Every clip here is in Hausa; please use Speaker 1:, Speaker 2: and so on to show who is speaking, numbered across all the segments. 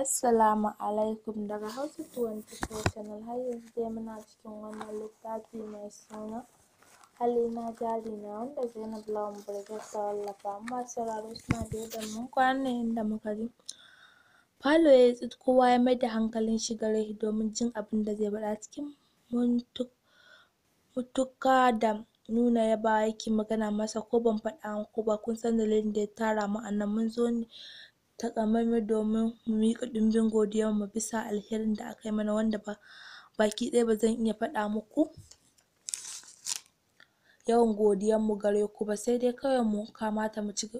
Speaker 1: Assalamu alaikum daga Hausa 24 Channel har yanzu dai muna cikin wannan littafi mai suna jari na wanda Zainab Lawan Burgess ta wallafa amma sauraro suna biye yadda mun kwana inda muka ji falo ya tsit kowa ya maida hankalin shi gare shi domin jin abin da zai faɗa cikin mutuka da nuna yabawa yake magana masa ko ban faɗa muku ba kun san dalilin da ya tara mu a nan mun zo ne takamaimai domin mu miƙa ɗimbin mu bisa alherin da aka yi mana wanda ba baki ɗaya ba zan iya faɗa muku yawan mu gare ku ba sai dai kawai mu kamata mu ci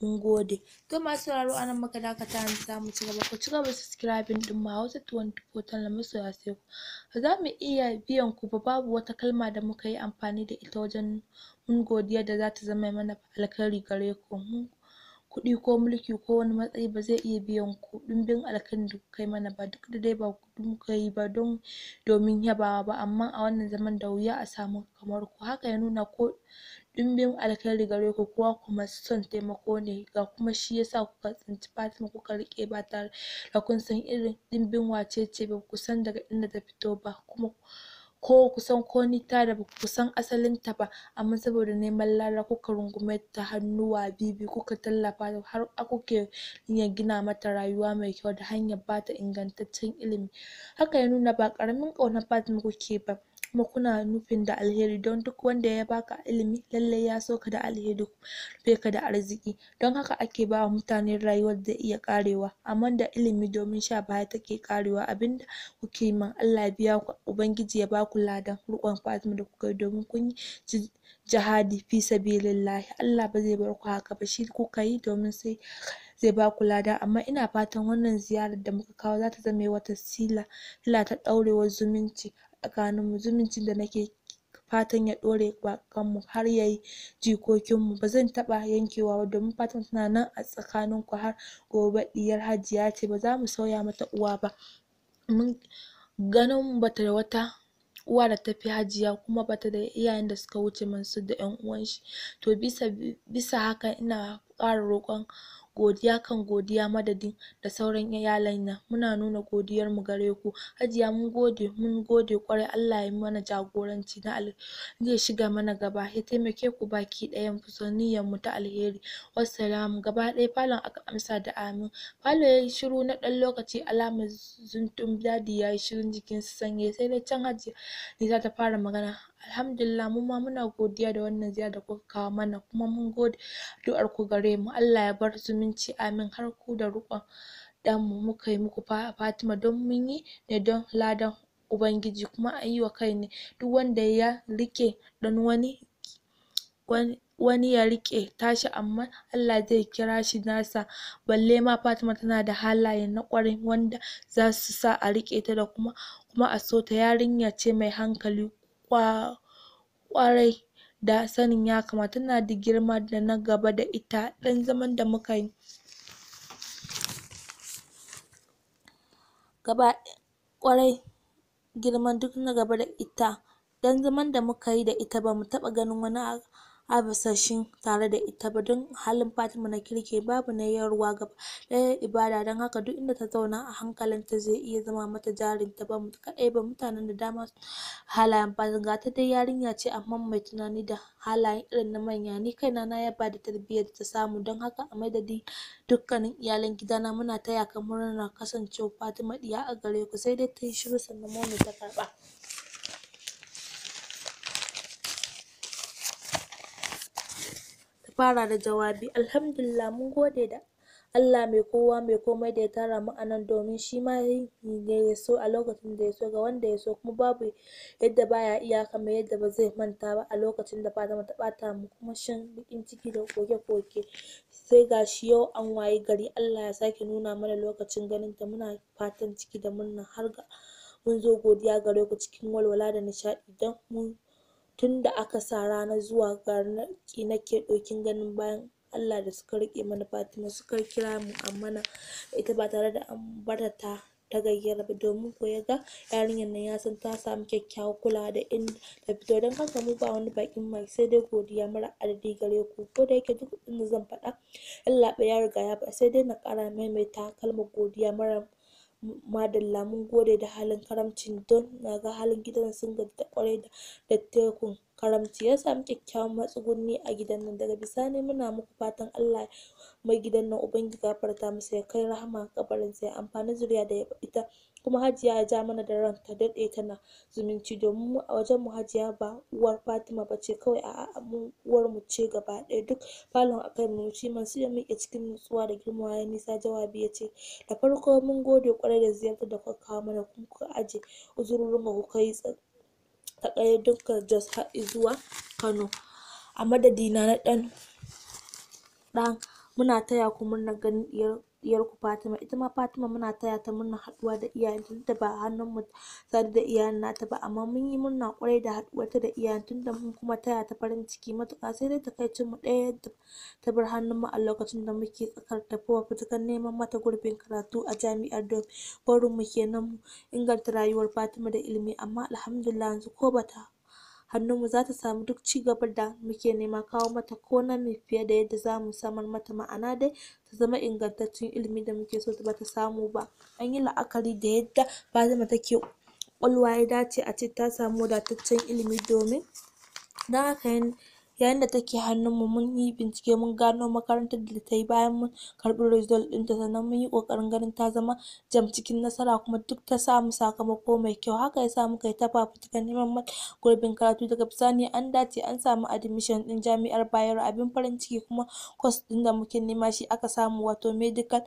Speaker 1: mun gode to masu sauraro anan muka dakata yanzu za mu ci gaba ku ci gaba subscribing ɗin mu Hausa 24 Channel mu soya sai ku za mu iya biyan ku ba babu wata kalma da muka yi amfani da ita wajen mun godiya da za ta zama mana alkhairi gare ku kuɗi ko mulki ko wani matsayi ba zai iya biyan ku ɗimbin alkhairin da kuka yi mana ba duk da dai ba ku kuka yi ba don domin yabawa ba amma a wannan zaman da wuya a samu kamar ku haka ya nuna ko ɗimbin alkhairi gare ku kuma ku masu son taimako ne ga kuma shi yasa kuka tsinci Fatima kuka riƙe ba tare da kun san irin ɗimbin wace ce ba kusan daga inda ta fito ba kuma ko kusan ko ta da kusan asalin ta ba amma saboda neman lara kuka rungume ta hannuwa bibi, kuka tallafa har kuke ya gina mata rayuwa mai kyau da hanyar bata ingantaccen ilimi Haka ya nuna ba ƙaramin ƙaunar Fatima kuke ba kuma kuna nufin da alheri don duk wanda ya baka ilimi lallai ya so ka da alheri rufe ka da arziki don haka ake bawa mutane rayuwar da iya karewa amma da ilimi domin sha baya take karewa abinda kuke man Allah ya biya ku ubangiji ya baku ladan riƙon Fatima da kuka yi domin kun yi jihadi fi sabilillah Allah ba zai bar ku haka ba shi kuka yi domin sai zai ba ku lada amma ina fatan wannan ziyarar da muka kawo zata zame wata sila sila ta ɗaurewar zumunci tsakanin mu zumuncin da nake fatan ya ɗore bakan mu har yayi jikokin mu ba zan taɓa yankewa ba domin fatan tana nan a tsakanin ku har gobe ɗiyar Hajiya ce ba za mu sauya mata uwa ba mun ganin bata wata uwa da tafi Hajiya kuma bata da iyayen da suka wuce su da 'yan uwan shi to bisa bisa haka ina ƙara roƙon godiya kan godiya madadin da sauran iyalan nan muna nuna godiyar mu gare ku hajiya mun gode mun gode kwarai Allah ya mana jagoranci na alheri zai shiga mana gaba ya taimake ku baki ɗayan ku niyyar mu ta alheri wassalamu gaba ɗaya falon aka amsa da amin falo ya yi shiru na ɗan lokaci alamar zuntun dadi yayi shirin jikin sanye sai dai can hajiya ne ta fara magana alhamdulillah muma muna godiya da wannan ziyara da kuka kawo mana kuma mun gode addu'ar ku gare mu Allah ya bar zumunci amin har ku da riƙon ɗanmu muka yi muku Fatima don mun yi ne don ladan Ubangiji kuma an yi wa kai ne duk wanda ya riƙe ɗan wani wani ya riƙe tashi amma Allah zai kira shi nasa balle ma Fatima tana da halaye na ƙwarai wanda za su sa a riƙe ta da kuma kuma a so ta yarinya ce mai hankali kwa kwarai da sanin ya kamata tana da girma da na gaba da ita ɗan zaman da muka yi gaba kwarai girman duk na gaba da ita dan zaman da muka yi da ita bamu taɓa ganin wani Habasashin tare da ita ba don halin Fatima na kirki babu na yarwa gaba ɗaya ibada don haka duk inda ta zauna a hankalin ta zai iya zama mata jarin jarinta ba kaɗai ba mutanen da dama halayen ba ga ta dai yarinya ce amma mai tunani da halayen irin na manya ni kaina na yaba da tarbiyyar da ta samu don haka a madadin dukkanin iyalan gidana muna taya ka na kasancewa Fatima ɗiya a gare ku sai dai ta yi shiru sannan mu ta karɓa. fara da jawabi alhamdulillah mun gode da Allah mai kowa mai komai da ya tara mu a nan domin shi ma yi ne ya so a lokacin da ya so ga wanda ya so kuma babu yadda baya iya kamar yadda ba zai manta ba a lokacin da fata ta bata mu kuma shan bikin ciki da koke-koke sai ga shi yau an wayi gari Allah ya sake nuna mana lokacin ganin ta muna fatan ciki da murna har ga mun zo godiya gare ku cikin walwala da nishaɗi don mun tun da aka sa rana zuwa ga nake ɗokin ganin bayan Allah da suka riƙe mana Fatima suka kira mu amana ita ba tare da an bata ta ta gayyara ba domin ko ya ga yarinyar nan ya san ta samu kyakkyawar kula da in da fito don haka mu ba wani bakin mai sai dai godiya mara adadi gare ku ko da yake duk inda zan faɗa Allah ya riga ya ba sai dai na ƙara maimaita kalmar godiya mara madalla mun gode da halin karamcin don na halin gidan sun gaji da da da tekun karamci ya samu kyakkyawan matsugunni a gidan nan daga bisani muna muku fatan Allah mai gidan nan ubangiji gafarta masa ya kai rahama kabarin ya amfani zuriya da ya ita kuma Hajiya ya ja mana da ran ta daɗe tana zumunci domin mu a wajen mu Hajiya ba uwar Fatima ba ce kawai a'a mu uwar mu ce gaba ɗaya duk falon akai mu ci su ya miƙe cikin nutsuwa da girmawa ya nisa jawabi ya ce da farko mun gode kwarai da ziyartar da kuka kawo mana kuma kuka aje uzurorin ku kai ta ɗaya dukkan Jos har zuwa Kano a madadina na ɗan ɗan muna taya ku murnar ganin ɗiyar diyar ku Fatima ita ma Fatima muna taya ta muna haɗuwa da iyayen ta da ba hannun mu sadu da iyayen nata ba amma mun yi murna kwarai da haɗuwar ta da iyayen tunda mun kuma taya ta farin ciki matuka sai dai takaicin mu ɗaya yadda ta bar hannun mu a lokacin da muke tsakar tafiwa fitukan neman mata gurbin karatu a jami'ar don burin mu kenan inganta rayuwar Fatima da ilimi amma alhamdulillah yanzu ko bata hannunmu za ta samu duk ci gaban da muke nema kawo mata ko na fiye da yadda za mu samar mata ma'ana dai ta zama ingantaccen ilimi da muke so ba ta samu ba an yi la'akari da yadda Fatima take ƙwaƙwalwa ya dace a ce ta samu wadataccen ilimi domin don haka yayin da take hannun mu mun yi bincike mun gano makarantar da ta yi bayan mun karɓi result ta sannan mun yi ƙoƙarin ganin ta zama jam cikin nasara kuma duk ta samu sakamako mai kyau haka yasa muka yi ta fafutukar neman mata gurbin karatu daga bisani an dace an samu admission ɗin jami'ar Bayero abin farin ciki kuma course ɗin da muke nema shi aka samu wato medical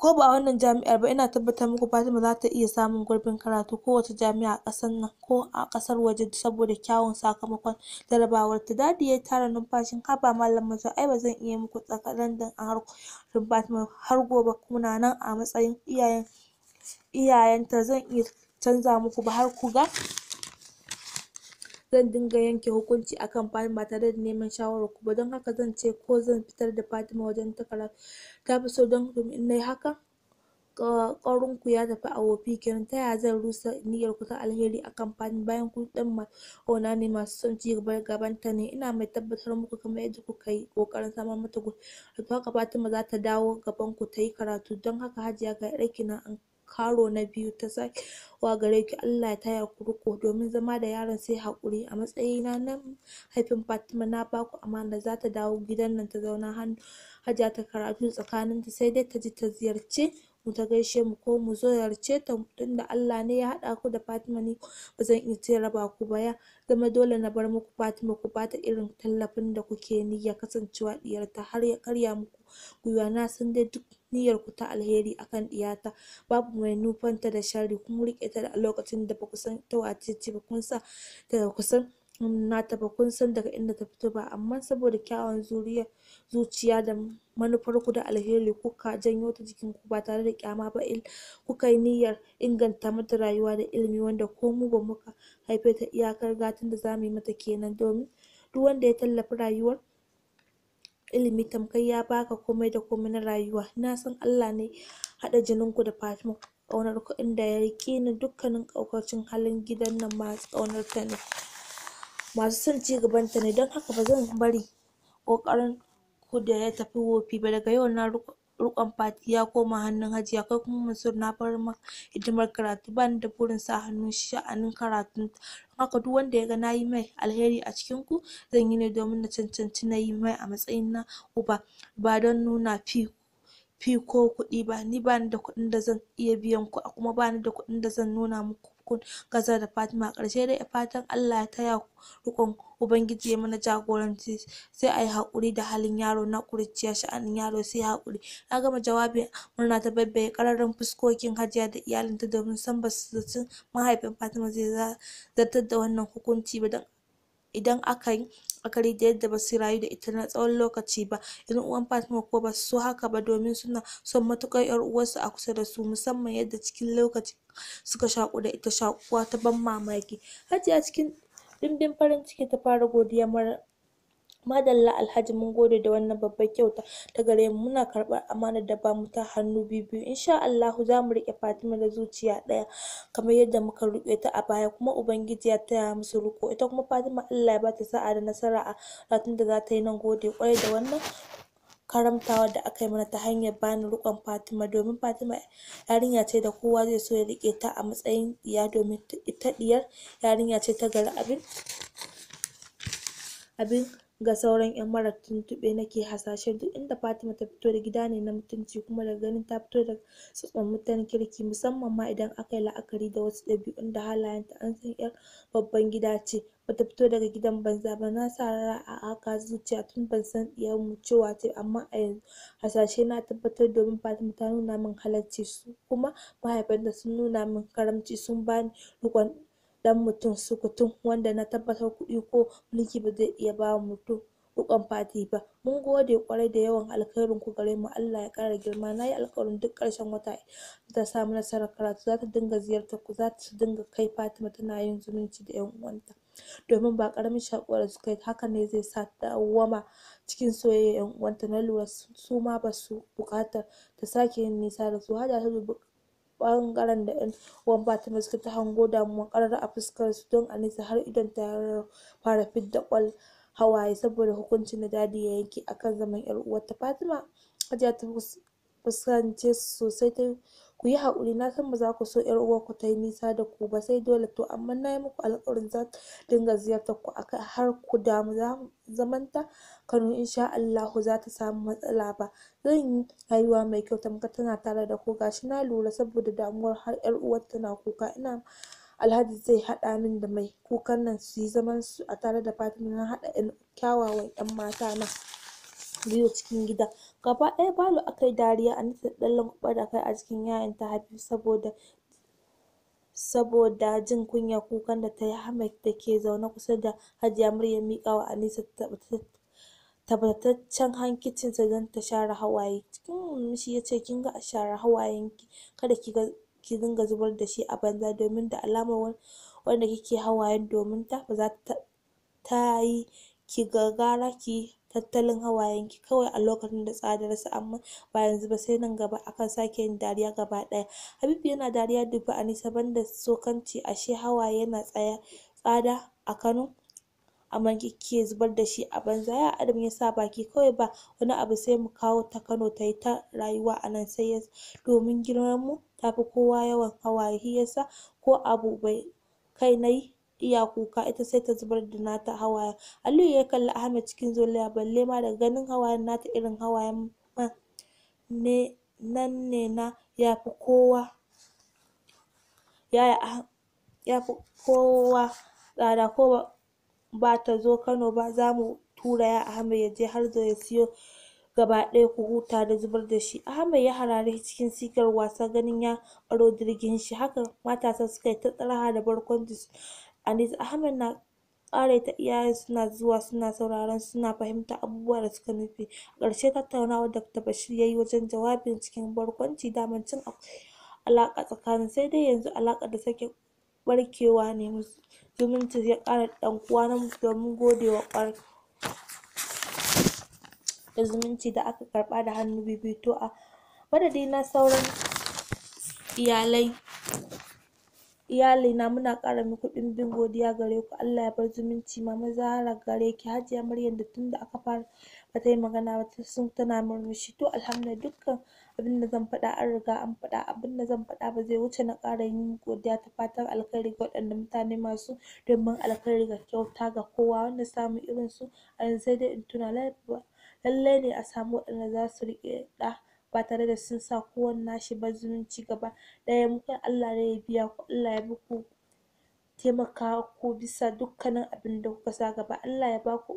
Speaker 1: ko ba wannan jami'ar ba ina tabbatar muku Fatima za ta iya samun gurbin karatu kowace jami'a a ƙasar nan ko a ƙasar waje saboda kyawun sakamakon jarabawar ta dadi ya tara numfashin haba mallam mace ai ba zan iya muku tsakalandan a harkokin Fatima har gobe kuna nan a matsayin iyayen iyayenta zan iya canza muku ba har ku ga zan dinga yanke hukunci akan Fatima ba tare da neman shawarar ku ba don haka zan ce ko zan fitar da Fatima wajen takara ta fi so don domin in nayi haka ƙwarin ku ya tafi a wofi kenan ta yaya zan rusa niyyar ku ta alheri akan Fatima bayan ku ɗan ona ne masu son ci gaba ta ne ina mai tabbatar muku kamar yadda kuka yi ƙoƙarin samar mata gudu haka Fatima za ta dawo gaban ku ta yi karatu don haka Hajiya ga ɗaki na an karo na biyu ta sake wa gare ki Allah ya taya ku riko domin zama da yaron sai haƙuri a matsayina na haifin Fatima na baku amana za ta dawo gidan nan ta zauna hannu Hajiya ta karatu tsakaninta sai dai ta ji ta ziyarci mu ta gaishe mu ko mu zo yarce ta tunda Allah ne ya haɗa ku da Fatima ni ba zan iya ce raba ku ba ya zama dole na bar muku Fatima ku bata irin tallafin da kuke niyya kasancewa diyarta har ya karya muku gwiwa na san dai duk niyyar ku ta alheri akan diyata babu mai nufanta da sharri kun rike ta da lokacin da ba ku san ta wace ce ba kun sa ta kusan nata ba kun san daga inda ta fito ba amma saboda kyawun zuriya zuciya da manufar ku da alheri kuka janyo ta jikin ku ba tare da kyama ba il kuka yi niyyar inganta mata rayuwa da ilimi wanda ko mu ba muka haife ta iyakar gatun da zamu yi mata kenan domin duk wanda ya tallafi rayuwar ilimi tamkar ya baka komai da komai na rayuwa na san Allah ne hada jinin ku da Fatima ƙaunar ku inda ya riƙe ni dukkanin ƙaukacin halin gidan nan ma ƙaunar ta ne masu son ci ta ne don haka ba zan bari ƙoƙarin ku da ya tafi wofi ba daga yau na riƙon fati ya koma hannun hajiya kai kuma Mansur na bar maka hidimar karatu ba da burin sa hannun sha'anin karatu haka duk wanda ya ga na mai alheri a cikin ku zan yi ne domin na cancanci na yi mai a matsayin na uba ba don nuna fi fi ko kuɗi ba ni ba ni da kuɗin da zan iya biyan ku kuma ba ni da kuɗin da zan nuna muku kun gaza da fatima karshe da fatan allah ya taya rikon ubangiji ya mana jagoranci sai a yi haƙuri da halin yaro na ƙuriciya sha'anin yaro sai haƙuri na gama jawabin murna ta babbaye kararran fuskokin hajiya da iyalinta domin san ba su mahaifin fatima zai zartar da wannan hukunci ba don idan aka yi akari da yadda ba su rayu da ita na tsawon lokaci ba yan uwan Fatima ko ba su haka ba domin suna son matukar yar uwarsu a kusa da su musamman yadda cikin lokaci suka shaku da ita shakuwa ta ban mamaki Hajiya cikin dimbin farin ciki ta fara godiya mara madalla alhaji mun gode da wannan babbar kyauta ta gare mu muna karɓar amanar da ba ta hannu biyu insha Allahu za mu riƙe Fatima da zuciya ɗaya kamar yadda muka riƙe ta a baya kuma ubangiji ya taya musu ruko ita kuma Fatima Allah ya bata sa'a da nasara a ratun da za ta yi nan gode kwarai da wannan karamtawa da aka yi mana ta hanyar bani rukon Fatima domin Fatima yarinya ce da kowa zai so ya riƙe ta a matsayin iya domin ita diyar yarinya ce ta gari abin abin ga sauran 'yan mara tuntuɓe nake hasashe duk inda Fatima ta fito da gida ne na mutunci kuma daga ganin ta fito da tsatson mutan kirki musamman ma idan aka yi la'akari da wasu ɗabi'un da halayen halayenta an san 'yar babban gida ce bata fito daga gidan banza ba na sa rara a aka zuciya tun ban san mu cewa ce amma a yanzu hasashe na tabbatar domin Fatima ta nuna min halarci su kuma mahaifanta sun nuna min karamci sun bani rikon dan mutum sukutun wanda na tabbatar kuɗi ko mulki ba zai iya ba mutum fati ba mun gode kwarai da yawan alkhairin ku gare mu Allah ya kara girma nayi alƙawarin duk karshen wata ta samu nasarar karatu za ta dinga ziyartar ku za ta dinga kai Fatima tana yin zumunci da yan uwanta domin ba ƙaramin shakuwar da suka haka ne zai sa ta cikin soyayya yan uwanta na lura su ma ba su bukatar ta sake yin nisa da su hada ta bangaren da yan uwan Fatima suka ta hango damuwa karara a fuskar su don Anisa har idon ta fara fidda kwal hawaye saboda hukuncin da dadi ya yanke akan zaman yar uwarta Fatima Hajiya ta fuskance su sosai ta ku yi haƙuri na san ba za ku so ƴar ku ta yi nisa da ku ba sai dole to amma na yi muku alƙawarin za ta dinga ziyartar ku akai har ku damu zamanta Kano insha Allahu za ta samu matsala ba zan yi rayuwa mai kyau tamkar tana tare da ku gashi na lura saboda damuwar har ƴar uwar tana kuka ina Alhaji zai haɗa min da mai kukan nan su yi zaman su a tare da Fatima na haɗa ƴan kyawawan ƴan mata na biyu cikin gida gaba ɗaya falo aka yi dariya a nisa ɗan lankwaɓa da kai a cikin yayan ta Hafiz saboda saboda jin kunyar kukan da ta yi Ahmed da ke zaune kusa da Hajiya Maryam a wa ta tabbataccen hankicinsa don ta share hawaye cikin murmushi ya ce kin ga a share hawayenki kada ki ga dinga zubar da shi a banza domin da alamar wanda kike hawaye domin ta ba za ta yi ki gagara ki tattalin hawayenki kawai a lokacin da tsadar su amma ba yanzu ba sai nan gaba akan sake yin dariya gaba ɗaya habibu yana dariya dubu a nisa banda sokanci ashe hawaye yana tsaya tsada a kano amma kike zubar da shi a banza ya adam ya sa baki kawai ba wani abu sai mu kawo ta kano ta yi ta rayuwa a nan sai ya domin girman mu tafi kowa yawan hawaye yasa ko abu bai kai nayi iya kuka ita sai ta zubar da nata hawaye Aliyu ya kalli Ahmed cikin zolaya balle ma da ganin hawayen nata irin hawayen ma ne nan ne na yafi kowa yaya yafi kowa tsada ko ba ta zo Kano ba za mu tura ya Ahmed ya je har da ya siyo gaba ɗaya ku huta da zubar da shi Ahmed ya harare cikin sigar wasa ganin ya baro jirgin shi haka matasa suka yi ta tsaraha da barkwanci Anis Ahmed na ta iyaye suna zuwa suna sauraron suna fahimtar abubuwa da suka nufi. A ƙarshe da Dr. Bashir ya yi wajen jawabin cikin barkwanci daman cin alaƙa tsakanin sai dai yanzu alaƙar da sake barkewa ne zumunci ya ƙara ɗankuwa na domin gode wa da zumunci da aka karɓa da hannu bibito to a madadin na sauran iyalai iyalina muna ƙara muku ɗimbin godiya gare ku Allah ya bar zumunci mama Zahra gare ki Hajiya Maryam da tun da aka fara ta yi magana ba sun tana murmushi to alhamdulillah dukkan abin da zan faɗa an riga an faɗa da zan faɗa ba zai wuce na ƙara yin godiya ta fatan alkhairi ga waɗanda mutane masu domin alkhairi ga kyauta ga kowa wanda samu irin su a yanzu sai dai in tuna lallai ne a samu waɗanda za su riƙe ɗa ba tare da sun sa kowane nashi ba zumunci gaba ɗaya mu Allah ne ya biya ku Allah ya muku taimaka ku bisa dukkanin abinda kuka sa gaba Allah ya baku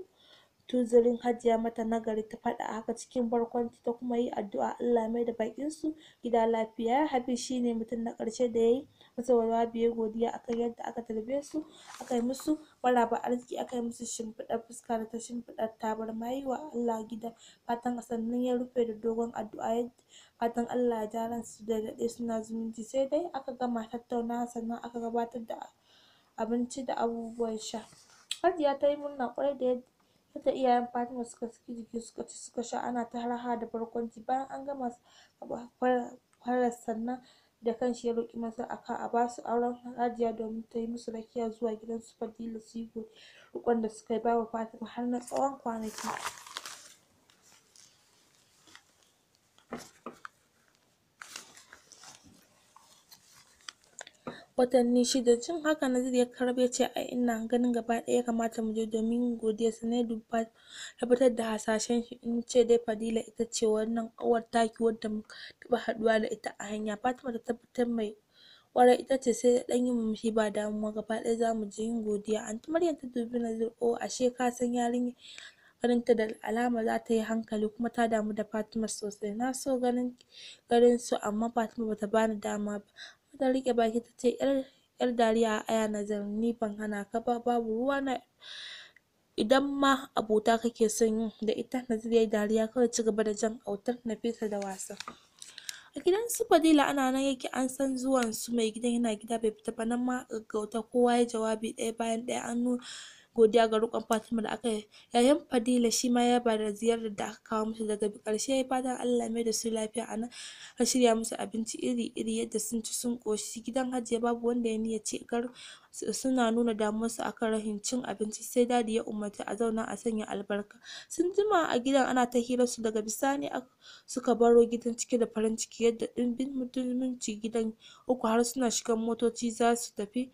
Speaker 1: tuzurin hajiya mata nagari ta faɗa haka cikin barkwanci ta kuma yi addu'a Allah mai da bakin su gida lafiya Habib shine mutum na karshe da yayi masa jawabi biye godiya akan yadda aka tarbe su aka yi musu maraba arziki aka yi musu shimfiɗar fuska da ta shimfiɗa tabarma yi wa Allah gida fatan sannan ya rufe da dogon addu'a fatan Allah ya ja ransu da daɗe suna zumunci sai dai aka gama tattaunawa sannan aka gabatar da abinci da abubuwan sha Hajiya ta yi murna kwarai da yadda yadda iyayen Fatima suka saki jiki suka ci suka sha ana ta raha da barkwanci bayan an gama farar sannan da kanshi ya roƙi masa akan a basu auren Hajiya domin ta yi musu rakiya zuwa gidan su Fadila suyi yi da suka bawa Fatima har na tsawon kwanaki. watanni shida jin haka Nazir ya karɓi ya ce ai ina ganin gaba ɗaya ya kamata mu je domin godiya sa na tabbatar da hasashen shi in ce dai Fadila ita ce wannan ƙawar taki wadda muka taɓa haɗuwa da ita a hanya Fatima da tabbatar mai ƙwarai ita ce sai da ɗan yi murmushi ba damuwa gaba ɗaya za mu je yin godiya anti Maryam ta dubi Nazir o oh, ashe ka san yarinya ta da alama za ta yi hankali kuma ta damu da Fatima sosai na so ganin ganin su amma Fatima bata bani dama ba ta rike baki ta ce 'yar yar dariya a aya nazar ni ban hana ka ba babu ruwa na idan ma abota kake son yi da ita Nazir yayi dariya kawai ci gaba da jan autar na fesa da wasa a gidan su Fadila ana nan yake an san zuwan su mai gidan yana gida bai fita ba nan ma gaggauta kowa ya jawabi ɗaya bayan ɗaya an nuna godiya ga roƙon Fatima da aka yayin Fadila shi ma ya ba da ziyarar da aka kawo musu daga ƙarshe ya fatan Allah mai da su lafiya a nan a shirya musu abinci iri-iri yadda sun ci sun ƙoshi gidan Hajiya babu wanda ya niya ce gar suna nuna damuwarsu akan rahin cin abinci sai dadi ya umarci a zauna a sanya albarka sun jima a gidan ana ta hira su daga bisani suka baro gidan cike da farin ciki yadda ɗimbin mutunci gidan uku har suna shigan motoci za su tafi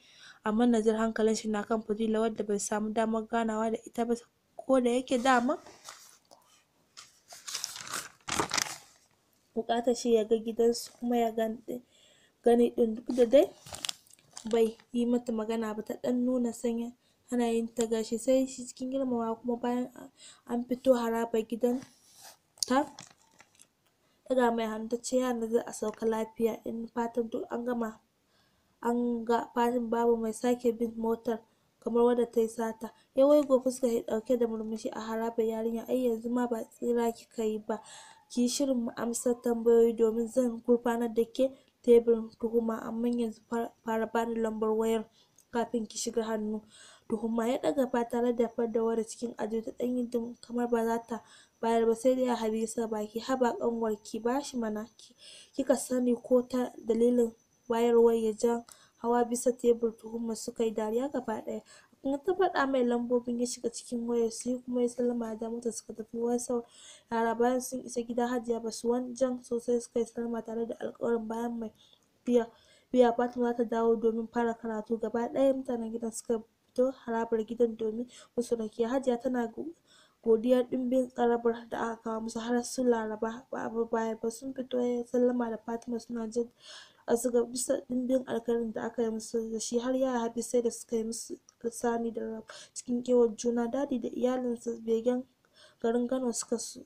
Speaker 1: amma nazar hankalin shi na kan Fadila wadda bai samu damar ganawa da ita ba ko da yake dama bukata shi ya ga gidansu kuma ya gani din duk da dai bai yi mata magana ba ta dan nuna sanya ana yin ta gashi sai shi cikin girmamawa kuma bayan an fito harabar gidan ta daga mai hannu ta ce ya za a sauka lafiya in fatan duk an gama an ga fatin babu mai sake bin motar kamar wadda ta yi sata ya waigo fuskar yi ɗauke da murmushi a harabar yarinya ai yanzu ma ba tsira kika yi ba ki yi shirin amsar tambayoyi domin zan gurfanar da ke teburin tuhuma amma yanzu fara bani lambar wayar kafin ki shiga hannu tuhuma ya ɗaga ba tare da fadawar cikin ajo ta ɗan dum kamar ba za ta bayar ba sai dai a hadisa baki haba ƙanwar ki bashi mana kika sani ko ta dalilin wayarwar ya jan hawa bisa tebur tuhuma suka yi dariya gaba ɗaya in ta faɗa mai lambobin ya shiga cikin wayar sai kuma ya salama da mota suka tafi wasu yara bayan sun isa gida hajiya ba su jan sosai suka yi salama tare da alƙawarin bayan mai biya biya fatima za ta dawo domin fara karatu gaba ɗaya mutanen gidan suka fito harabar gidan domin musu rakiya hajiya tana godiyar ɗimbin tsarabar da aka kawo musu har su laraba ba a baya ba sun fito ya sallama da fatima suna jin a suka bisa ɗimbin alkarin da aka yi musu da shi har yara hafi sai da suka yi musu sani da rab cikin kewar juna dadi da iyalinsa begen garin kano suka su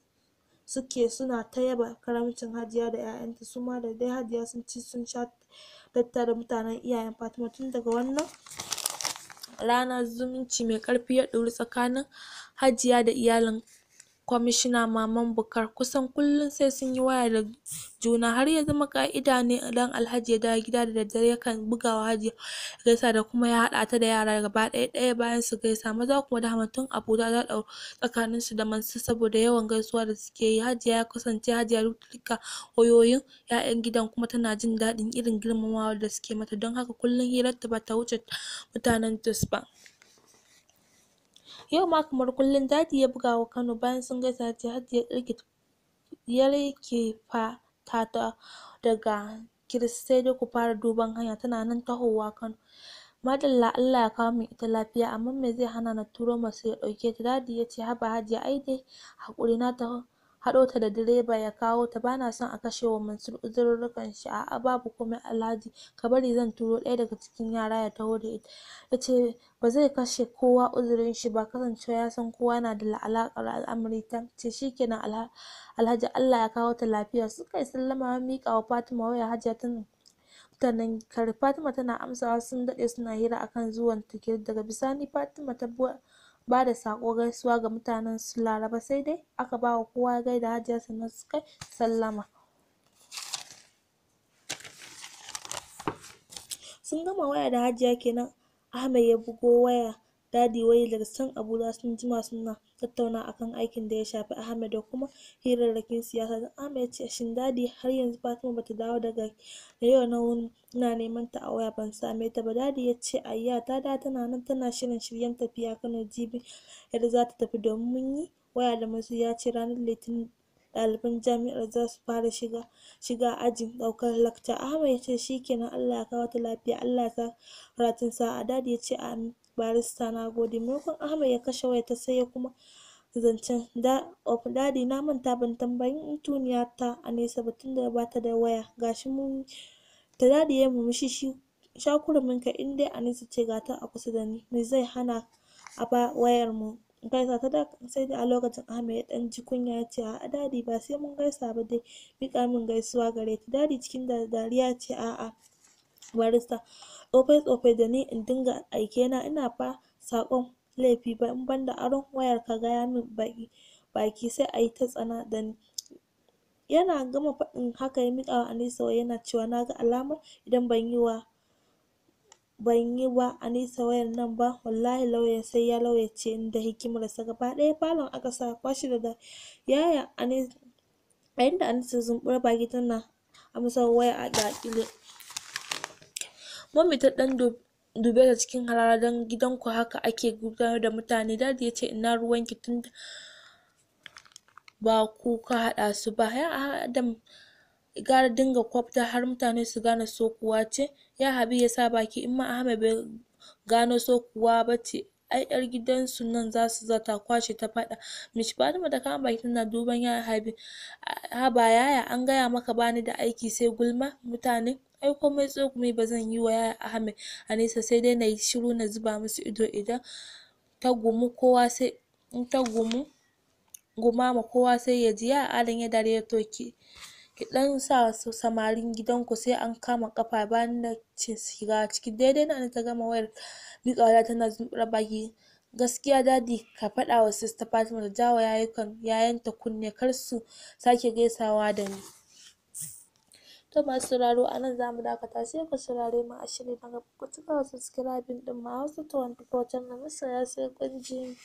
Speaker 1: suke suna ta yaba karamcin hajiya da 'ya'yanta su ma da dai hajiya sun ci sun sha tattara mutanen iyayen fatima tun daga wannan rana zumunci mai karfi ya ɗori tsakanin Hajiya da iyalin Kwamishina Maman Bukar kusan kullum sai sun yi waya da juna har ya zama ƙa'ida ne idan Alhaji ya dawo gida da daddare yakan buga wa Hajiya gaisa da kuma ya haɗa ta da yara gaba ɗaya ɗaya bayan su gaisa. Maza kuma kuwa dama tun abota ta ɗau su da masu saboda yawan gaisuwa da suke yi. Hajiya ya kasance Hajiya duka wayoyin 'ya'yan gidan kuma tana jin daɗin irin girmamawa da suke mata don haka kullum hirarta ba ta wuce mutanen ta ba. Yau ma kamar kullum dadi ya buga wa Kano bayan sun gaisa ta Hadi ya rike fa ta daga kirista ku fara duban hanya tana nan tahowa Kano. Madalla Allah ya kawo min ita lafiya amma me zai hana na turo masu ya ɗauke ta. Dadi ya ce haba Hajiya ai dai haƙuri na taho haɗo ta da direba ya kawo ta bana son a kashe wa Mansur uzurrukan shi a babu komai Alhaji ka bari zan turo ɗaya daga cikin yara ya taho da ita yace ba zai kashe kowa uzurin shi ba kasancewa ya san kowa na da alaƙar al'amari ta ce shikenan Alhaji Allah ya kawo ta lafiya su kai sallama ya miƙa wa Fatima waya Hajiya ta mutanen kar Fatima tana amsawa sun daɗe suna hira akan zuwan ta daga bisani Fatima ta ba da saƙo gaisuwa ga mutanen su Laraba sai dai aka ba wa kowa ya gaida Hajiya sannan su kai sallama. Sun gama waya da Hajiya kenan Ahmed ya bugo waya Dadi wai daga abu Abuja sun jima suna tattauna akan aikin da ya shafi Ahmed da kuma hirarrakin siyasa. da Ahmed ya ce shin dadi har yanzu Fatima bata dawo daga da yau na wuni ina neman ta a waya ban same ta ba. Dadi ya ce ayya ta da tana nan tana shirin shiryen tafiya Kano jibi yadda za ta tafi domin mun yi waya da masu ya ce ranar Litinin ɗaliban jami'ar za su fara shiga shiga ajin ɗaukar lakca. Ahmed ya ce shikenan Allah ya kawo ta lafiya Allah ya sa ratin sa'a. Dadi ya ce amin. barista na gode maimakon ahmed ya kashe waya sai ya kuma zancen da of dadi na manta ban tambayi intuniya ta a nesa ba tunda bata da waya gashi mun ta dadi ya murmushi shi shakurumin ka in dai Anisa ce ta a kusa da ni me zai hana a ba wayar mu gaisa ta da sai da a lokacin Ahmed ya dan ji kunya ya ce a'a dadi ba sai mun gaisa ba dai mika min gaisuwa gare ta dadi cikin da dariya ce a'a barista tsofe-tsofe da ni in dinga aike na ina fa saƙon laifi ba in banda aron wayar ka gaya min baki baki sai ayi ta tsana da ni yana gama faɗin haka ya miƙa wa Anisa wayar yana cewa na ga alamar idan ban yi wa ban yi wa Anisa wayar nan ba wallahi lauyan sai ya lauyace ni da hikimarsa gaba ɗaya falon aka sa kwashi da da yaya Anisa a inda Anisa zumbura baki tana amsa waya a ƙaƙile Mummy ta ɗan dube ta cikin harara don gidanku haka ake gudanar da mutane. Daddy ya ce ina ruwanki tunda ba ku ka haɗa su ba. Ya Adam gara dinga kwafta har mutane su gane so kuwa ce. Ya Habi ya sa baki in ma Ahmed bai gano so kuwa ba ce ai yar su nan zasu zata kwashe ta faɗa mishi Fatima ta kama baki tana duban yaya Habib haba yaya an gaya maka bani da aiki sai gulma mutane ai komai tsokumi ba zan yi wa yaya Ahmed Anisa sai dai nayi shiru na zuba musu ido idan ta gumu kowa sai in ta gumu gumama kowa sai ya ji ya Adam ya dare ya toki ki ɗan sa su samarin gidanku sai an kama kafa bayan da shiga ciki daidai nan ta gama wayar miƙawa tana zumbura baki gaskiya dadi ka faɗa wa sista Fatima ta jawa yayukan yayanta kunne kar su sake gaisawa da ni to masu sauraro a nan zamu dakata sai ku saurare mu a shiri na gaba ku din da subscribing ɗin ma Hausa channel masoya sai kun ji